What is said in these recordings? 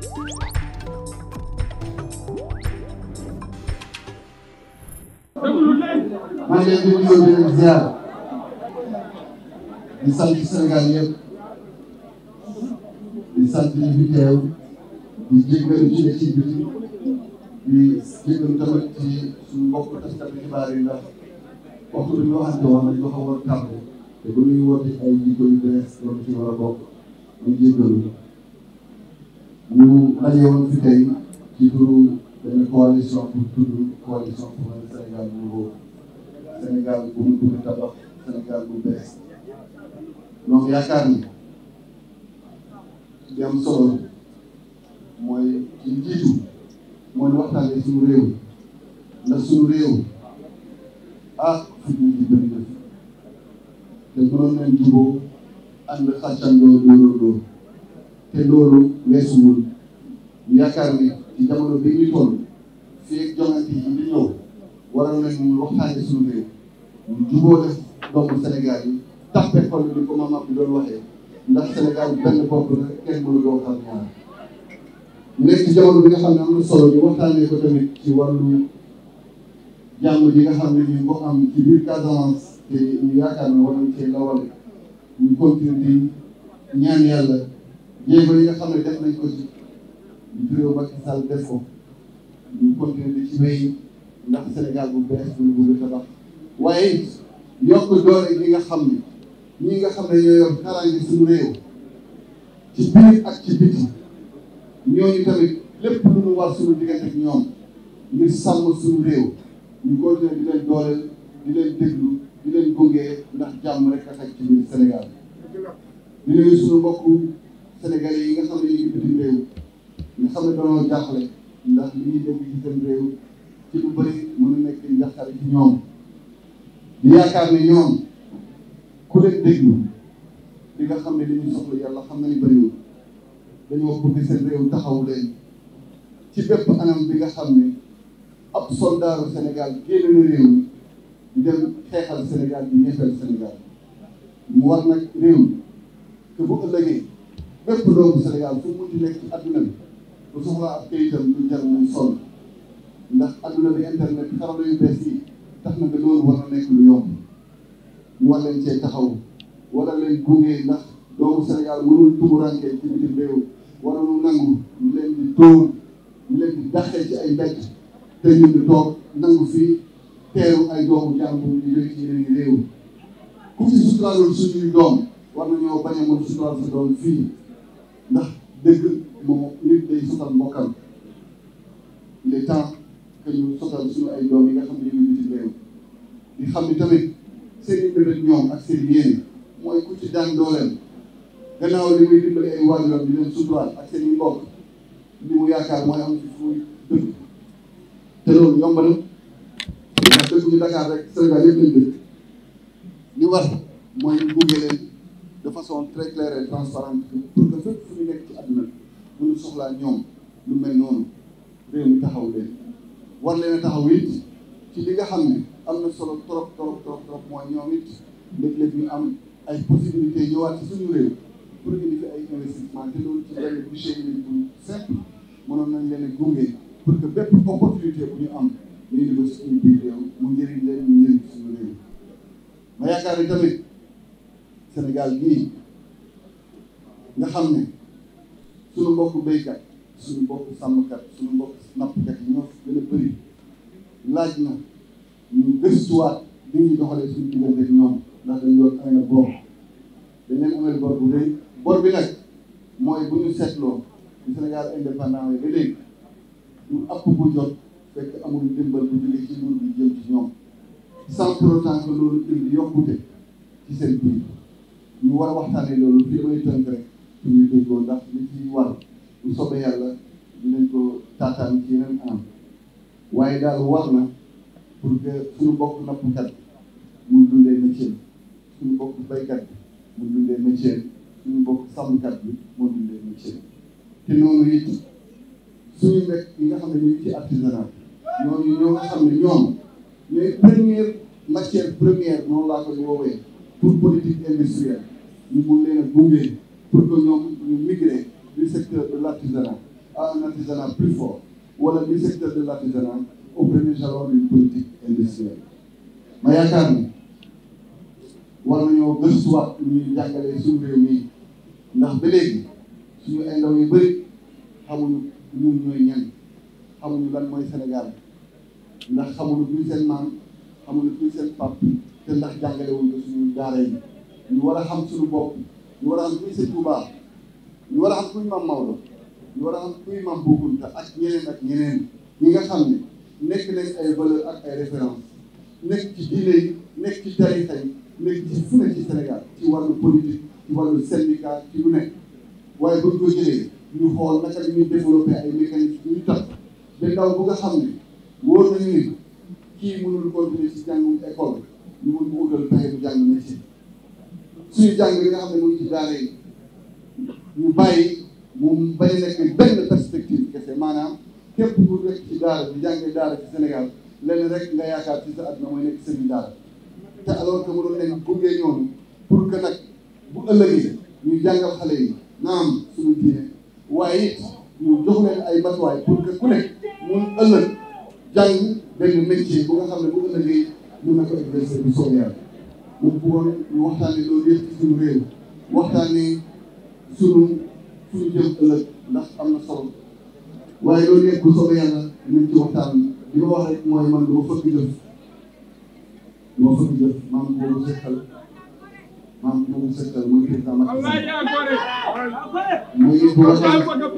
maa ngi leen di nuyu di leen ziar di sant Sénégal yëpp di sant ñi fi teew di jéggalu ci ne ci biti di jéggalu tamit ci suñu mbokk taskati xibaar yi ndax waxtu bi ñu waxante woon nañ dafa war a tàmbali te bu ñuy woote ay jikko yu bees loolu ci war a bokk ñu jéggalu ñu daje woon fi tey ci turu benn coalition pour tudd coalition pour le Sénégal bu wóor Sénégal bu mu bëgg tabax Sénégal bu bees donc yaakaar ni li solo mooy ci njiitu mooy waxtaanee suñu réew ndax suñu réew ah fi ñu ci bëri na te mënoon nañ jubóo ànd xàccandoo dóorandoo te loolu weesuwul yaakaar ne ci jamono bi ñuy toll fii ak joŋante yi di ñëw waral nañ ñu waxtaane suñu réew ñu jubóo def doomu Sénégal yi taxte xol ni ko maam bi doon waxee ndax Sénégal benn bopp la kenn mënu doo xam ñaar nekk ci jamono bi nga xam ne am solo ñu waxtaanee ko tamit ci wàllu jàmm ji nga xam ne ñu ko am ci biir Casamance te ñu yaakaar ne jéego yi nga xam ne def nañ ko ci bureau Macky Sall def ko ñu continuer ndax Sénégal bu bees bu ñu bëgg a tabax waaye yokk doole li nga xam ne ñi nga xam ne ñoo yor kaaraange suñu réew ci biir ak ci biti ñooñu tamit lépp lu ñu war suñu diggante ak ñoom ngir sàmm suñu réew ñu continuer di leen dooleel di leen déglu di leen gunge ndax jàmm rek a xaj ci Sénégal di nuyu suñu mbokku. Sénégalais yi nga xam ne ñu ngi bitim réew nga xam ne dañoo jaaxle ndax li ñuy dégg ci seen réew ci lu bëri mën na nekk njaxare ci ñoom di yaakaar ne ñoom ku leen nga xam ne li ñu soxla yàlla xam na ni bëriwul dañoo taxaw leen ci bépp bi nga xam ne ab soldaaru Sénégal génn na réew mi di dem xeexal Sénégal di ñeefeel Sénégal mu war nag réew que bu ëllëgee bépp doomu Sénégal fu mu nekk ci adduna bi bu soxlaa ak kayitam lu jar muy sonn ndax adduna bi internet xarala yu bees yi tax na ba loolu war na nekk lu yomb ñu war taxaw wala leen gunge ndax doomu Sénégal mënul tumurànke ci bitim réew wala ci ay mbéj te ñun ay doomu jàmbur ñu jóge ci réew ku fi suturaalul suñuy doom war nañoo bañ suturaal sa doom fii. ndax dëgg moo nit day sotal mbokkam il est temps que ñu ay doom yi nga xam ne ñu ngi bitim réew di xam ni tamit seen i mbir ak seen yéen mooy ku ci daan dooleel gannaaw li muy dimbali ay waajuram di leen suturaal ak seen i mbokk li mu mooy am ci fuy dëkk te loolu yomb na ndax dëkk ñu Dakar rek Sénégal yëpp lañ war mooy ñu de façon très claire et transparente pour que fépp fu ñu nekk ci na bu ñu soxlaa ñoom lu mel noonu réew mi taxaw leen war leen taxaw yi ci li nga xam ne am na solo trop trop trop trop mooy ñoom it léeg-léeg ñu am ay possibilités ñëwaat ci suñu réew pour indi fi ay investissement te loolu ci benn budget unique bu simple mënoon nañ leen a gunge pour que bépp opportunité bu ñu am ñu indi ko suñu biir réew mu njëriñ leen mu njëriñ suñu réew ma yaakaar ni tamit Sénégal gii nga xam ne suñu mbokk béykat suñu mbokk sàmmkat suñu mbokk nappkat ñoo gën a bëri laaj na ñu gëstuwaat li ñuy doxalee suñu diggante ak ñoom ndax dañ doon amee bor leen amee bor bu rëy bor bi nag mooy bu ñu seetloo ci Sénégal indépendant ba léegi du app bu jot fekk amul bi jëm ci ñoom sans pour autant que loolu indi yokkute ci seen biir ñu war a waxtaanee loolu fii damay tënk rek pour ñu déggoo ndax li ci war bu soobee yàlla dinañ ko taataan ci yeneen anam waaye daal war na pour que suñu bokk nappkat mu dundee métier bokk baykat bi mu dundee métier suñu bokk sàmmkat bi mu dundee métier te noonu it suñu nekk yi nga xam ne ñu ngi ci artisanat ñooñu ñoo nga xam ne ñoom ñooy première matière première noonu laa koy woowee pour politique industrielle ñu mun leen a gunge pour que ñoom ñu migrer bi secteur de l' artisanat à un artisanat plus fort wala du secteur de l' artisanat au premier jalon d'une politique industrielle. ma nañoo gëstuwaat ñuy jàngalee suñu réew ndax ba léegi suñu bëri xamuñu ñun ñooy ñan xamuñu lan mooy Sénégal ndax xamuñu kuy seen maam xamuñu kuy seen pap te ndax jàngale wuñ ko suñu daara ñu war a xam suñu bopp ñu war a xam kuy sëñ Tuubaa ñu war a xam kuy maam Maodo ñu war a xam kuy maam Bou Kounta ak ñeneen ak ñeneen ñi nga xam ne nekk nañ ay valeur ak ay référence nekk ci diine yi nekk ci tarixa yi nekk ci fu ne ci Sénégal ci wàllu politique ci wàllu syndicat ci lu nekk waaye buñ ko jëlee ñu xool naka ñuy développé ay mécanisme yu tax ba ndaw bu nga xam ne wóor nañu ni kii mënul continuer ci jàngum école ñu mën mu utal pexe bu jàng métier suñu jàng bi nga xam ne mooy ci daara yi ñu bàyyi mu bañ a nekk benn perspective kese maanaam képp ku nekk ci daara di bi daara ci Sénégal lenn rek nga yaakaar ci sa àdduna mooy nekk sëriñ daara te alors que mu doon leen buggee ñoom pour que nag bu ëllëgee ñu jàngal xale yi naam waaye ñu jox ay matuwaay pour que ku nekk jàng benn bu nga xam ne bu ëllëgee mun na ko exercer bu soobee mu bëggoon ñu waxtaanee loolu yëpp ci suñu réew waxtaanee suñu suñu jëm ëllëg ndax am na solo waaye loolu yëpp bu soobee yàlla dinañ ci waxtaan ma wax rek mooy man du ma fëgg jëf du ma fëgg jëf maam boobu sekkal maam boobu sekkal muy président Macky Sall muy bu waxtaan bu ñu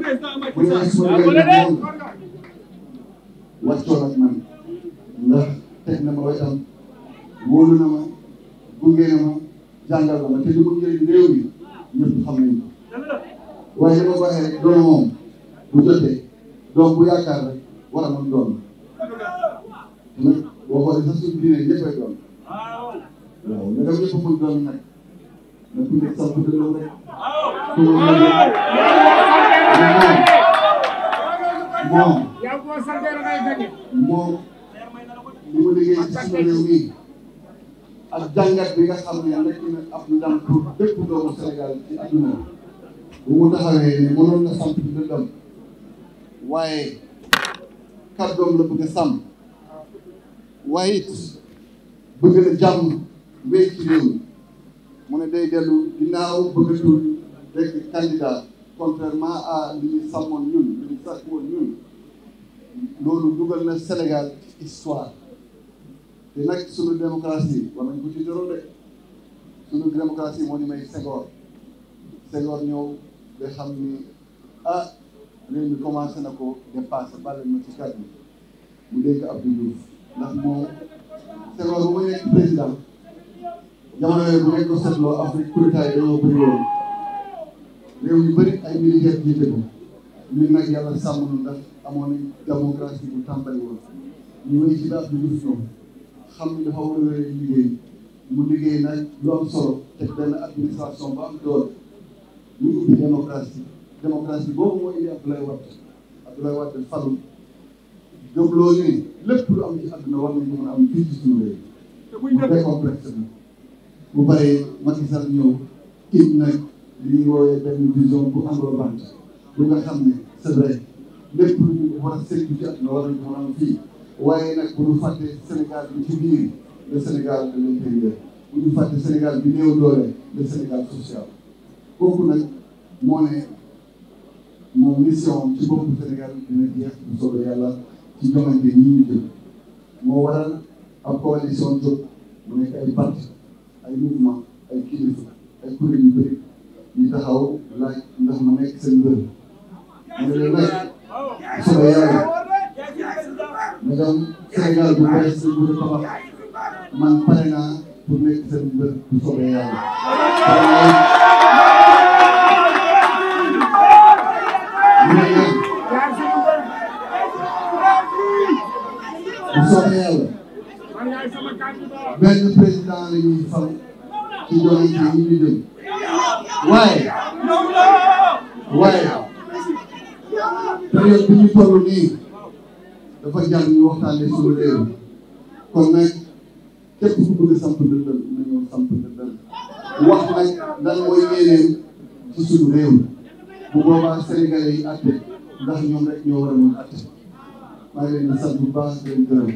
suma man ndax teg na ma wetam wóolu na ma gunge na ma jàngal ma te li mu jëriñ réew mi ñëpp xam nañu ko waaye li ma ko waxee rek doom moom bu jotee doom bu yaakaar rek war a mën doon nag boo xoolee sax suñu diine ñëppay doon waaw mais dafa ñëpp mën doon nag na ku nekk sax bu dëgg rek ku moom moom moom li mu liggéey ci suñu réew mi ak jàngat bi nga xam ne ab ndam pour bépp doomu Sénégal ci adduna bu mu taxawee ni mënoon na samp ci dëddam la bëgg a sàmm waaye it bëgg na jàmm wéy ci réew mu ne day dellu ginnaaw bëggatul nekk candidat contrairement à li ñu sàmmoon ñun li ñu sàkkoon ñun loolu dugal Sénégal histoire te nag suñu démocratie war nañ ko de suñu démocratie moo ñu may Senghor Senghor ñëw ba xam ni ah réew mi na ko dépassé bàyyi ma ci kàddu mu dénk Abdou Diouf ndax moom Senghor bu mu nekk président jamono yooyu bu ngeen ko seetloo Afrique kuréel yi dañoo bëri woon réew yu bëri ay jiite ko ñun nag yàlla sàmm nu ndax amoon nañ démocratie bu tàmbali woon ci ba Abdou xam dafa war a wéy liggéey mu liggéey nag lu am solo te benn administration ba am doole ñu ubbi démocratie démocratie boobu moo indi Abdoulaye Wade Abdoulaye Wade falu gëm loo ni lépp lu am ci àdduna war nañ ko mën a am fii ci suñu réew mu décomplexe bi bu paree Macky Sall nga xam ne c'est vrai lépp lu ñu war a sécurité àdduna war nañ ko mën am fii waaye nag bu ñu fàtte Sénégal bi ci biir le Sénégal de l'intérieur bu ñu fàtte Sénégal bi néew doole le Sénégal social kooku nag moo ne moom mission ci boppu Sénégal dina jeex bu soobee yàlla ci joŋante ñi ñu moo waral ab coalition jóg mu nekk ay parti ay mouvement ay kilifa ay kuréel yu bëri ñu taxaw laaj ndax ma nekk seen bër. bu soobee yàlla. bu soobee yàlla benn président la ñuy fal ci joŋante yi ñu dem waaye waaye période bi ñu toll nii dafa jàng ñu waxtaanee suñu réew kon nag képp ku bëgg samp dëndëm ñoom samp dëndal wax nag lan mooy yéeneen ci suñu réew bu boobaa sénégalais ndax ñoom rek ñoo war a mën atte maa baax di leen